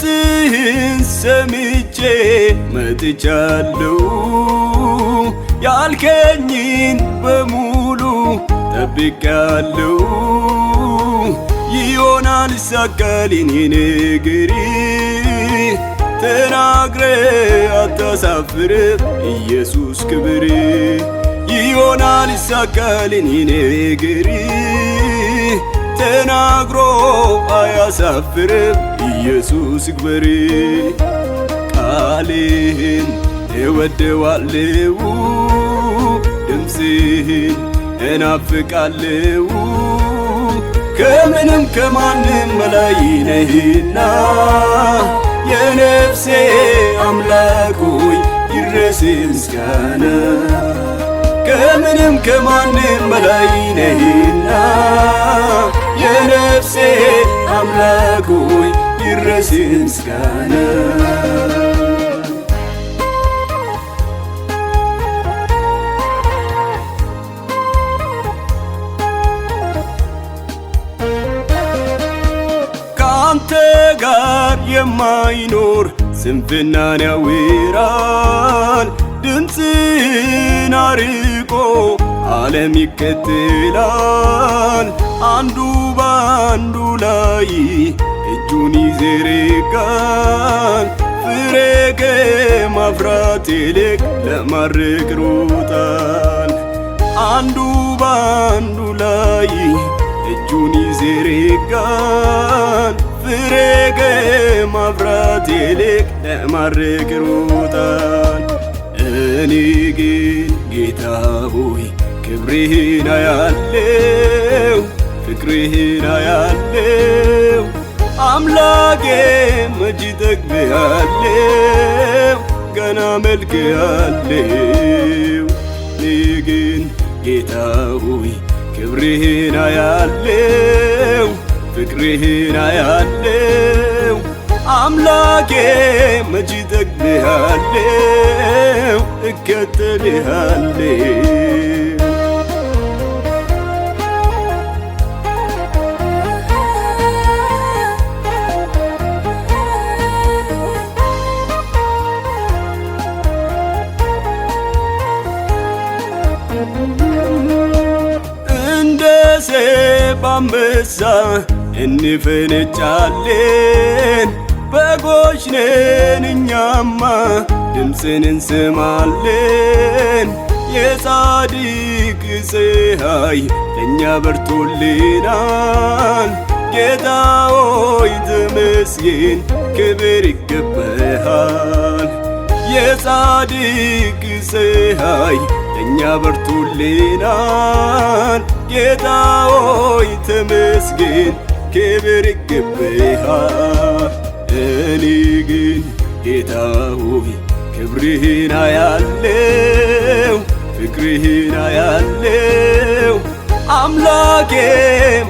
ድምፅህን ሰምቼ መጥቻለሁ። ያልከኝን በሙሉ ጠብቄያለሁ። ይሆናል ይሳካል ንግሪ ተናግረ አታሳፍር ኢየሱስ ክብር ይሆናል ይሳካል ንግሪ ተናግሮ አያሳፍር ኢየሱስ ግበሪ ቃልህን እወደዋለው ድምፅህን እናፍቃለው ከምንም ከማንም በላይ ነህና የነፍሴ አምላኩይ ሆይ ይድረስ ምስጋና ከምንም ከማንም በላይ ነህና የነፍሴ አምላኩይ ይድረስ ምስጋና ከአንተ ጋር የማይኖር ስንፍናን ያውራል ድምፅህን አርቆ ዓለም ይከተላል አንዱ በአንዱ ላይ ፊቱን ይዘረጋል ፍሬ ከማፍራት ይልቅ ለማድረግ ሮጣል። አንዱ በአንዱ ላይ እጁን ይዘረጋል ፍሬ ከማፍራት ይልቅ ለማድረግ ሮጣል። እኔ ግን ጌታ ሆይ ክብርህን አያለው ፍቅርህን አያለው አምላኬ መች ጠግቤያለሁ ገና መልክ እኔ ግን ጌታ ሆይ ክብርህን አያለው ፍቅርህን አያለሁ አምላኬ መች ጠግቤያለሁ እከተልሃለሁ በደረሰ ባንበሳ እንፈነጫለን። በጎች ነን እኛማ ድምፅን እንስማለን። የጻድቅ ፀሐይ ለእኛ በርቶልናል። ጌታ ሆይ ተመስገን፣ ክብር ይገባሃል። የጻድቅ ፀሐይ ለእኛ በርቶልናል። ጌታ ጌታዬ ተመስገን፣ ክብር ይገባሃል። እኔ ግን ጌታዬ ክብርህን አያለው፣ ፍቅርህን አያለው። አምላኬ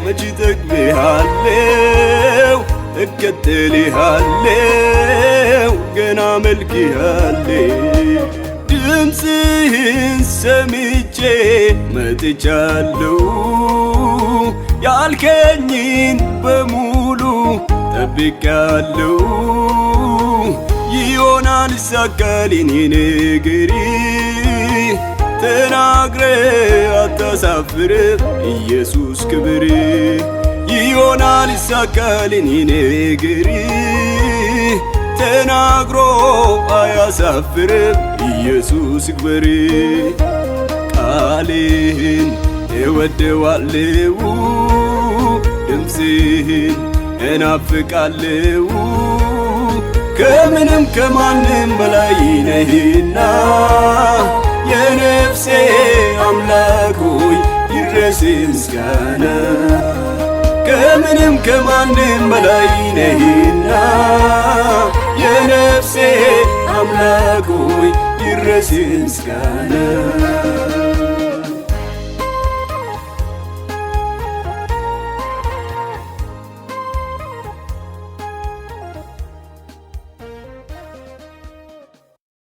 መች ጠግብሃለው፣ እከተልሃለው፣ ገና መልክ መልክሃለው ድምፅህን ሰምቼ መጥቻለሁ ያልከኝን በሙሉ ጠብቄያለሁ። ይሆናል ይሳካል የኔ ተናግረ አታሳፍር ኢየሱስ ክብር ይሆናል ይሳካል የኔ ተናግሮ አያሳፍርም። ኢየሱስ ይክበር። ቃልህን እወደዋለው፣ ድምፅህን እናፍቃለው። ከምንም ከማንም በላይ ነህና የነፍሴ አምላክ ሆይ ይድረስ ምስጋና። ከምንም ከማንም በላይ ነህና የነፍሴ አምላክ ሆይ ይድረስ ምስጋና